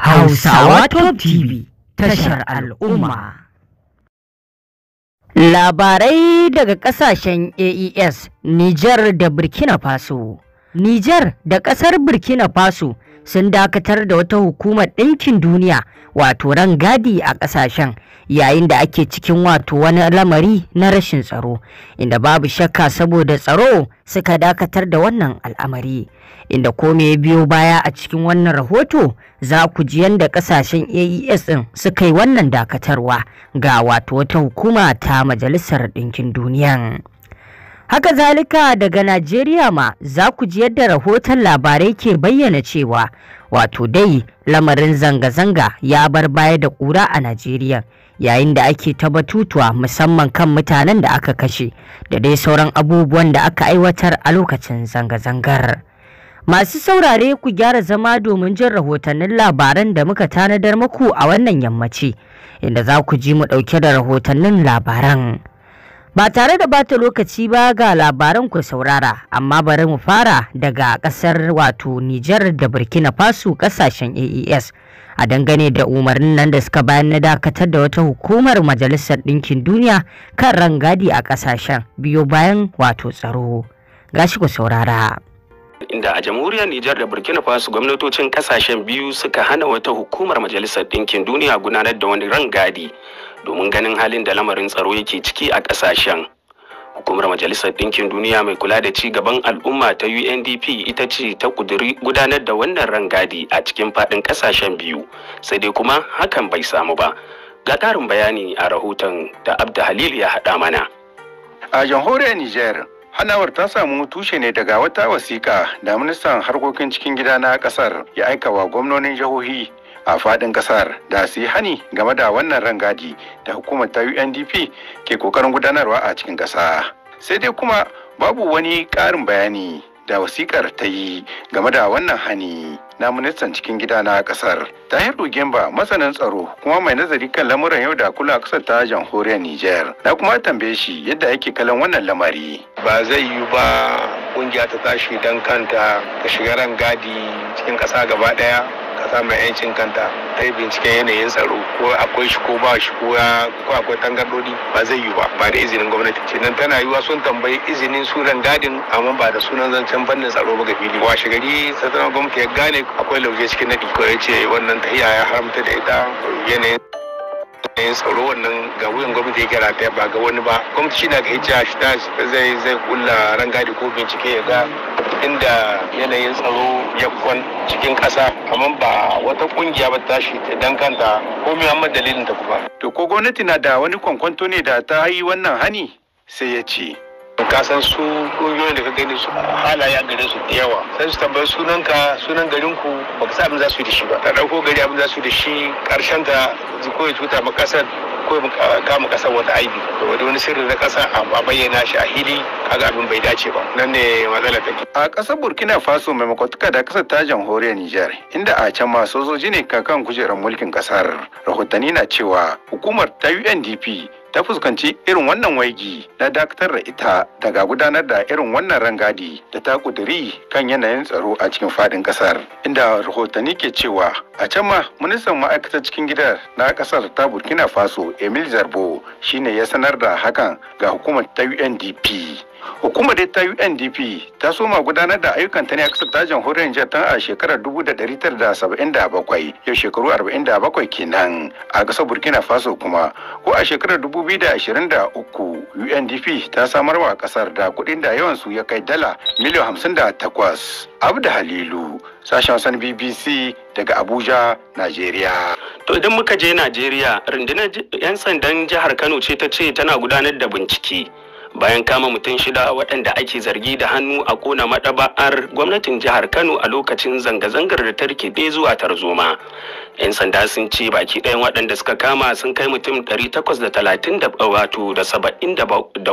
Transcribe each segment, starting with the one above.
Hausawa Top TV tashar al'umma. Labarai daga kasashen AES, Nijar da Burkina Faso. Nijar da ƙasar Burkina Faso sun dakatar da wata hukumar ɗinkin duniya wato rangadi a ƙasashen yayin da ake cikin wato wani lamari na rashin tsaro inda babu shakka saboda tsaro suka dakatar da wannan al'amari inda kome ya biyo baya a cikin wannan rahoto za ku ji yadda ƙasashen aes ɗin suka yi wannan dakatarwa ga wato wata hukuma ta majalisar ɗinkin duniya. Haka zalika daga Najeriya ma za ku ji yadda rahoton labarai ke bayyana cewa wato dai lamarin zanga-zanga ya bar baya da ƙura a Najeriya yayin da ake ta batutuwa musamman kan mutanen da aka kashe da dai sauran abubuwan da aka aiwatar a lokacin zanga-zangar. Masu saurare ku gyara zama domin jin rahotannin labaran da muka tanadar muku a wannan yammaci inda za ku ji mu ɗauke da rahotannin labaran. Ba tare da bata lokaci ba ga labaran ku saurara, amma bari mu fara daga kasar wato Nijar da Burkina Faso kasashen AES. A dangane da umarnin nan da suka bayan na dakatar da wata hukumar Majalisar Ɗinkin Duniya kan rangadi a kasashen biyo bayan wato tsaro. Gashi ku saurara. inda a jamhuriyar Nijar da Burkina Faso gwamnatocin kasashen biyu suka hana wata hukumar Majalisar Ɗinkin Duniya gudanar da wani rangadi domin ganin halin da lamarin tsaro yake ciki a ƙasashen. Hukumar Majalisar Ɗinkin Duniya mai kula da ci gaban al'umma ta UNDP ita ce ta ƙuduri gudanar da wannan rangadi a cikin faɗin ƙasashen biyu, sai dai kuma hakan bai samu ba. Ga ƙarin bayani a rahoton da Abda Halil ya haɗa mana. A jamhuriyar Nijar, Hanawar ta samu tushe ne daga wata wasiƙa da ministan harkokin cikin gida na ƙasar ya aika wa gwamnonin jihohi a fadin kasar da su yi hani game da wannan rangadi da hukumar ta UNDP ke kokarin gudanarwa a cikin kasa. Sai dai kuma babu wani ƙarin bayani da wasikar ta yi game da wannan hani na ministan cikin gida na kasar. Tahiru Gemba masanin tsaro kuma mai nazari kan lamuran yau da kula a kasar ta jamhuriyar Nijar. Na kuma tambaye shi yadda yake kallon wannan lamari. Ba zai yi ba kungiya ta tashi dan kanta ta shiga rangadi cikin ƙasa gaba ɗaya samun 'yancin kanta ta yi binciken yanayin tsaro ko akwai shi ko ba shi ko akwai tangardodi ba zai yi ba ba da izinin gwamnati ce kenan tana yiwa sun tambayi izinin sunan gadin amma ba da sunan zancen fannin tsaro ba ga fili washe gari tattalin gwamnati ya gane akwai lauje cikin nadi ko ya ce wannan tahiya ya haramta da ita yanayin yin tsaro wannan ga wuyan gwamnati yake rataya ba ga wani ba gwamnati shi na ga hijja shi ta zai zai kulla rangadi ko bincike ya ga inda yanayin tsaro ya kwan cikin ƙasa amma ba wata kungiya ba ta shi dan kanta ko mai amma dalilin ta kuma. To ko gwamnati na da wani kwankwanto ne da ta yi wannan hani sai ya ce. ka san su ƙungiyoyin da ka gani su halaye a gare su da yawa sai su tambayi sunanka sunan garin ku ba ka sa abin za su yi da shi ba ta ɗauko gari abin za su yi da shi ƙarshen ta ko ya cuta ma ƙasar ko kama kasar wata aibi da wani sirri na kasa a bayyana shi a hili kaga abin bai dace ba nan ne ta ke. a kasar burkina faso mai makwatuka da kasar ta jamhuriyar nijar inda a can ma sojoji ne kakan kujerar mulkin kasar rahotanni na cewa hukumar ta undp ta fuskanci irin wannan waigi na dakatar da ita daga gudanar da irin wannan rangadi da ta kuduri kan yanayin tsaro a cikin fadin kasar inda rahotanni ke cewa a can ma ministan ma'aikatar cikin gida na kasar ta burkina faso emil zarbo shine ya sanar da hakan ga hukumar ta undp Hukumar dai ta UNDP ta soma gudanar da ayyukan ta ne a kasar ta jamhuriyar Nijar tun a shekarar 1977 yau shekaru 47 kenan a kasar Burkina Faso kuma ko a shekarar 2023 UNDP ta samar wa ƙasar da kuɗin da yawan su ya kai dala miliyan 58. Abda Halilu sashen wasan BBC daga Abuja, Najeriya. To idan muka je Najeriya, rundunar 'yan sandan jihar Kano ce ta ce tana gudanar da bincike. bayan kama mutum shida waɗanda ake zargi da hannu a kona maɗaba'ar gwamnatin jihar kano a lokacin zanga-zangar da ta ɗe zuwa tarzoma 'yan sanda sun ce baki ɗayan waɗanda suka kama sun kai mutum ɗari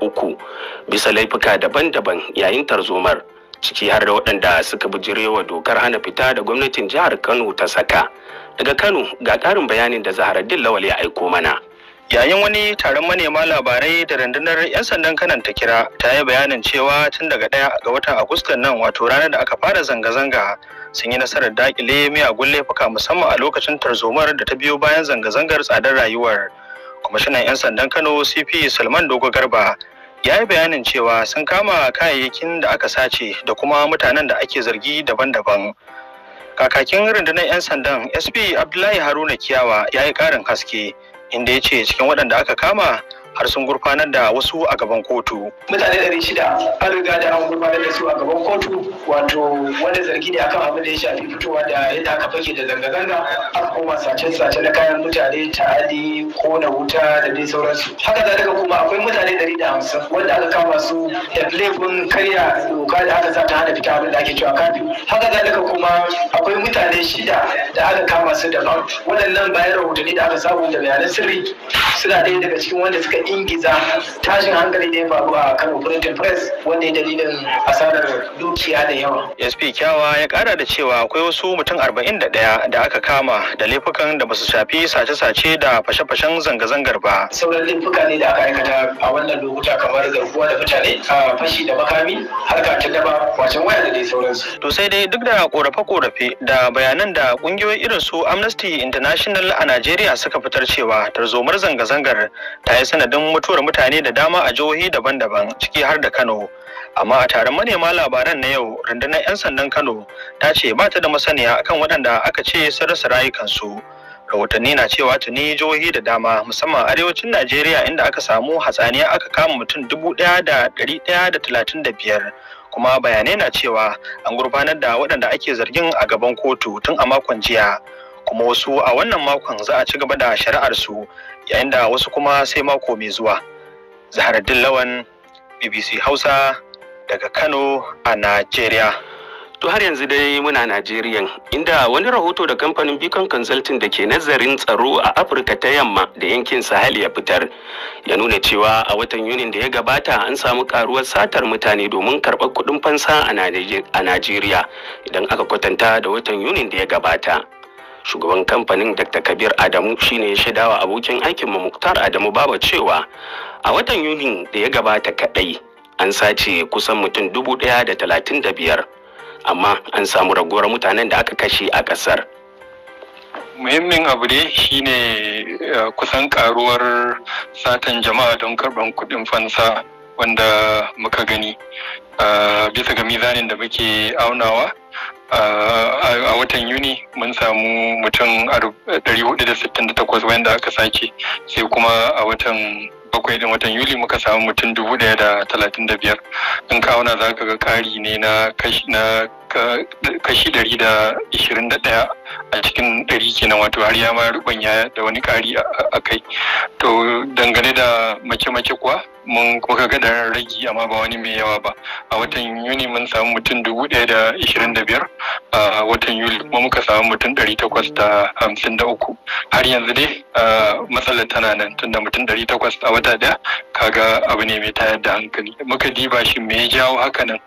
uku, bisa laifuka daban-daban yayin tarzomar ciki har da waɗanda suka bijirewa dokar hana fita da gwamnatin jihar kano ta saka daga kano ga ƙarin bayanin da zaharaddin lawal ya aiko mana yayin wani taron manema labarai da rundunar 'yan sandan kanan ta kira ta yi bayanin cewa tun daga ɗaya ga watan agustan nan wato ranar da aka fara zanga-zanga sun yi nasarar dakile miyagun laifuka musamman a lokacin tarzomar da ta biyo bayan zanga-zangar tsadar rayuwar kwamishinan 'yan sandan kano cp salman dogo garba ya yi bayanin cewa sun kama kayayyakin da aka sace da kuma mutanen da ake zargi daban-daban kakakin rundunar 'yan sandan sp abdullahi haruna kiyawa ya yi ƙarin haske inda ya ce cikin waɗanda aka kama har sun gurfanar da wasu a gaban kotu. Mutane ɗari shida an riga da an gurfanar da su a gaban kotu wato wanda zargi ne akan abin da ya shafi fitowa da yadda aka fage da zanga-zanga aka koma sace-sace na kayan mutane ta ko kona wuta da dai sauransu. Haka za daga kuma akwai mutane ɗari da hamsin wanda aka kama su da laifin karya doka da aka sa ta hana fita abin da ake cewa kafi. Haka za daga kuma akwai mutane shida da aka kama su daban waɗannan bayan rahotanni da aka samu da bayanan sirri suna ɗaya daga cikin wanda suka ingiza tashin hankali da ya faru a Kano Printing Press wanda ya dalilin asarar dukiya da yawa. SP Kyawa ya kara da cewa akwai wasu mutum 41 da aka kama da laifukan da basu shafi sace-sace da fashe-fashen zanga-zangar ba. Sauran laifuka ne da aka aikata a wannan lokuta kamar garkuwa da mutane, fashi da makami, harka ta daba, wacan waya da dai sauransu. To sai dai duk da korafe-korafe da bayanan da kungiyoyi irin su Amnesty International a Najeriya suka fitar cewa tarzomar zanga-zangar ta yi sanadin sanadin mutuwar mutane da dama a jihohi daban-daban ciki har da Kano. Amma a taron manema labaran na yau rundunar 'yan sandan Kano ta ce ba ta da masaniya akan waɗanda aka ce sun rasa rayukansu. Rahotanni na cewa tuni jihohi da dama musamman arewacin Najeriya inda aka samu hatsaniya aka kama mutum dubu ɗaya da ɗari ɗaya da talatin da biyar. Kuma bayanai na cewa an gurfanar da waɗanda ake zargin a gaban kotu tun a makon jiya. kuma wasu a wannan makon za a ci gaba da shari'ar su yayin da wasu kuma sai mako mai zuwa zaharaddin lawan bbc hausa daga kano a nigeria To har yanzu dai muna Najeriya inda wani rahoto da kamfanin Beacon Consulting da ke nazarin tsaro a Afirka ta yamma da yankin Sahel ya fitar ya nuna cewa a watan Yunin da ya gabata an samu karuwar satar mutane domin karɓar kuɗin fansa a Najeriya idan aka kwatanta da watan Yunin da ya gabata. shugaban kamfanin dr kabir adamu shine ya shaidawa abokin aikin aikinmu muktar adamu baba cewa a watan yuni da ya gabata kaɗai an sace kusan mutum dubu ɗaya da talatin da biyar amma an samu raguwar mutanen da aka kashe a ƙasar muhimmin abu dai shine eh, kusan karuwar satan jama'a don karɓar kuɗin fansa wanda muka gani ah, bisa ga mizanin da muke aunawa Ah, a watan yuni mun samu mutum 468 wanda aka sake sai kuma a watan bakwai din watan yuli muka samu mutum dubu daya da talatin da biyar in kawuna za ka ga kari ne na kashi dari da ishirin da daya a cikin dari kenan wato har ya ma rubanya da wani kari a kai to dangane da mace-mace kuwa mun kuka ga da ragi amma ba wani mai yawa ba a watan yuni mun samu mutum dubu daya da ishirin da biyar a watan yuli kuma muka samu mutum dari takwas da hamsin da uku har yanzu dai matsalar tana nan tunda mutum dari takwas a wata ɗaya kaga abu ne mai tayar da hankali muka diba shi me ya jawo haka nan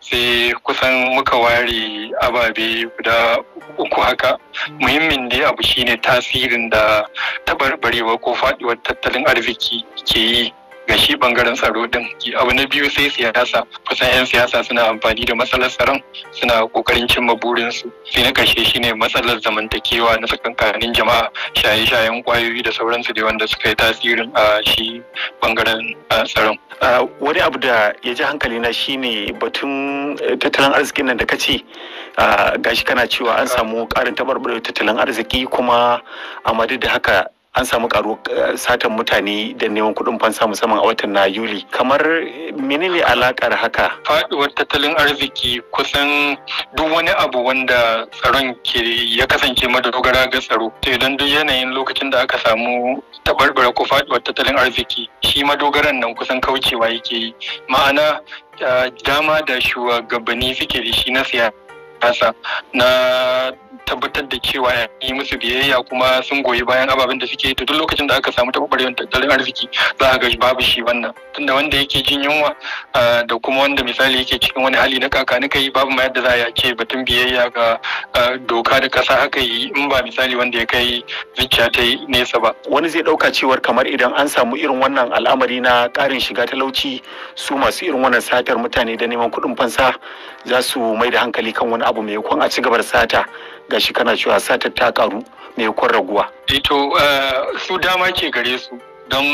sai kusan muka ware ababe guda uku haka muhimmin dai abu shine tasirin da tabarbarewa ko faɗuwar tattalin arziki ke yi ga shi bangaren tsaro din abu na biyu sai siyasa kusan 'yan siyasa suna amfani da matsalar tsaron suna kokarin cimma burinsu sai na karshe shine matsalar zamantakewa na tsakankanin jama'a shaye-shayen kwayoyi da sauransu da wanda suka yi tasirin a shi bangaren tsaron wani abu da ya ji hankali na shine batun eh, tattalin arzikin nan da ka ce. gashi kana cewa an samu karin tabarbarewa tattalin arziki kuma a da haka an samu karuwar eh, satan mutane da neman kuɗin fansa musamman a watan na yuli kamar eh, menene alakar haka faduwar tattalin arziki kusan duk wani abu wanda tsaron ke ya kasance madogara ga tsaro to idan duk yanayin lokacin da aka samu tabarbara ko faduwar tattalin arziki shi madogaran nan kusan kaucewa yake ma'ana eh, dama da shugabanni suke shi na siya. nasa na tabbatar da cewa ya yi musu biyayya kuma sun goyi bayan ababen da suke to duk lokacin da aka samu taɓarɓarewar tattalin arziki za a ga babu shi wannan tunda wanda yake jin yunwa da kuma wanda misali yake cikin wani hali na kaka ni kai babu ma yadda za a ce batun biyayya ga doka da kasa haka yi in ba misali wanda ya kai zuciya ta nesa ba wani zai ɗauka cewar kamar idan an samu irin wannan al'amari na karin shiga talauci su masu irin wannan satar mutane da neman kuɗin fansa za su mai da hankali kan wani abu mai kwan a ci gaba da sata shi kana cewa sata ta karu mai kwan raguwa ito eh eh, su dama ke gare su don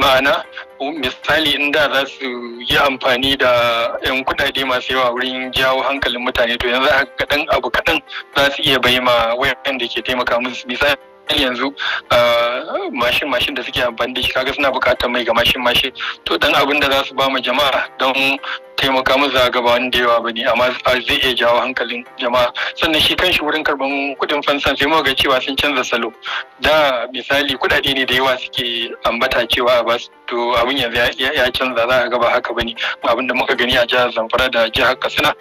ma'ana misali inda za su yi amfani da 'yan kudade masu yawa wurin jawo hankalin mutane to yanzu a kaɗan abu kaɗan za su iya bai ma wayan da ke taimaka musu misali yanzu ah, mashin mashin da suke amfani da shi kaga suna buƙatar mai ga mashin mashin to dan abin da za su ba mu jama'a don taimaka musu a gaba wanda yawa bane amma zai iya jawo hankalin jama'a sannan shi kan shi wurin karban kudin fansan sai mu ga cewa sun canza salo da misali kuɗaɗe ne da yawa suke ambata cewa a basu to abin yanzu ya canza za a gaba haka bane abin da muka gani a jihar zamfara da jihar katsina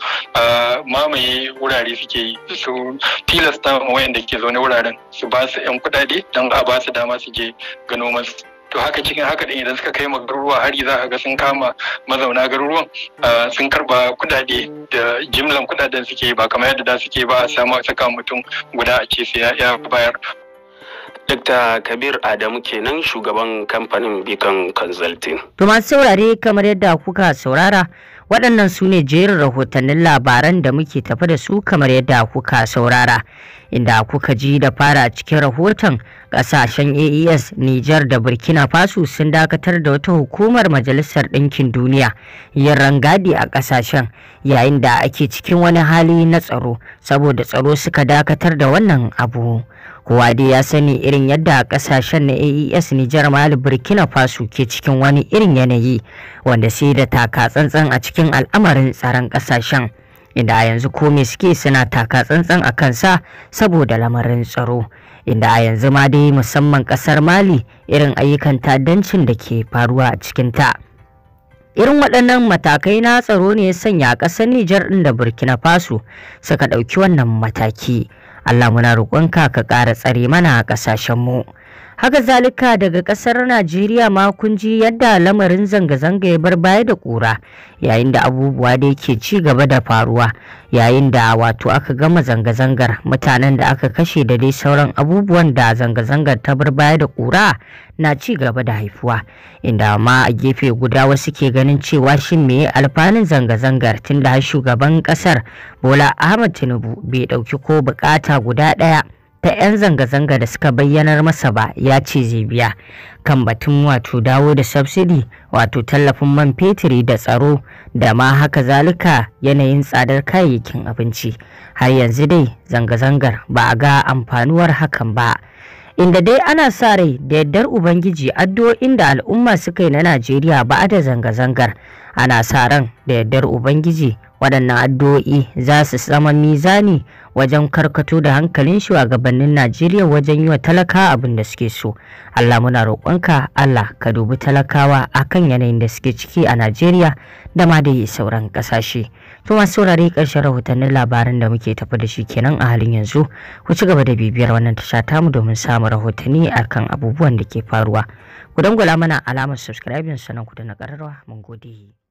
mamaye wurare suke yi su tilasta wayanda ke zaune wuraren su ba su yan kudade don a ba su dama su je ga noman to haka cikin haka din idan suka kai ma garuruwa hari za a ga sun kama mazauna garuruwan sun karba kudade da jimlan kudaden suke ba kamar yadda da suke ba a samu saka mutum guda a ce sai ya bayar Dr. Kabir Adamu kenan shugaban kamfanin Beacon Consulting. To masu saurare kamar yadda kuka saurara waɗannan su ne jerin rahotannin labaran da muke tafi da su kamar yadda kuka saurara inda kuka ji da fara cikin rahoton ƙasashen AES Nijar da Burkina Faso sun dakatar da wata hukumar Majalisar Ɗinkin Duniya yin rangadi a ƙasashen yayin da ake cikin wani hali na tsaro saboda tsaro suka dakatar da wannan abu. kowa dai ya sani irin yadda kasashen na aes nijar mali burkina faso ke cikin wani irin yanayi wanda sai da taka tsantsan a cikin al'amarin tsaron kasashen inda a yanzu kome suke suna taka tsantsan a kansa saboda lamarin tsaro inda a yanzu ma dai musamman kasar mali irin ayyukan ta'addancin da ke faruwa a ta irin waɗannan matakai na tsaro ne ya sanya ƙasar nijar ɗin da burkina faso suka ɗauki wannan mataki Allah muna roƙonka ka ƙara tsare mana a ƙasashenmu haka zalika daga kasar najeriya ma kun ji yadda lamarin zanga-zanga ya bar baya da kura yayin da abubuwa da yake ci gaba da faruwa yayin da wato aka gama zanga-zangar mutanen da aka kashe da dai sauran abubuwan da zanga-zangar ta bar baya da kura na ci gaba da haifuwa inda ma a gefe guda wasu ke ganin cewa shin me alfanun zanga-zangar tun da shugaban kasar bola ahmad tinubu bai dauki ko bukata guda daya ta 'yan zanga-zanga da suka bayyanar masa ba ya ce zai biya kan batun wato dawo da subsidy wato tallafin man fetiri da tsaro da ma haka zalika yanayin tsadar kayayyakin abinci har yanzu dai zanga-zangar ba a ga amfanuwar hakan ba. inda dai ana sa rai da yardar ubangiji addu'o'in da al'umma suka yi na najeriya ba a da zanga-zangar ana sa ran da yardar ubangiji waɗannan addu'o'i za su zama mizani wajen karkato da hankalin shugabannin Najeriya wajen yi wa talaka abin da suke so. Allah muna roƙonka Allah ka dubi talakawa akan yanayin da suke ciki a Najeriya da ma da sauran ƙasashe. To masu saurare ƙarshen rahotannin labaran da muke tafi da shi kenan a halin yanzu ku ci gaba da bibiyar wannan tasha tamu domin samun rahotanni akan abubuwan da ke faruwa. Ku dangwala mana alamar subscribing sannan ku da na ƙararrawa, mun gode.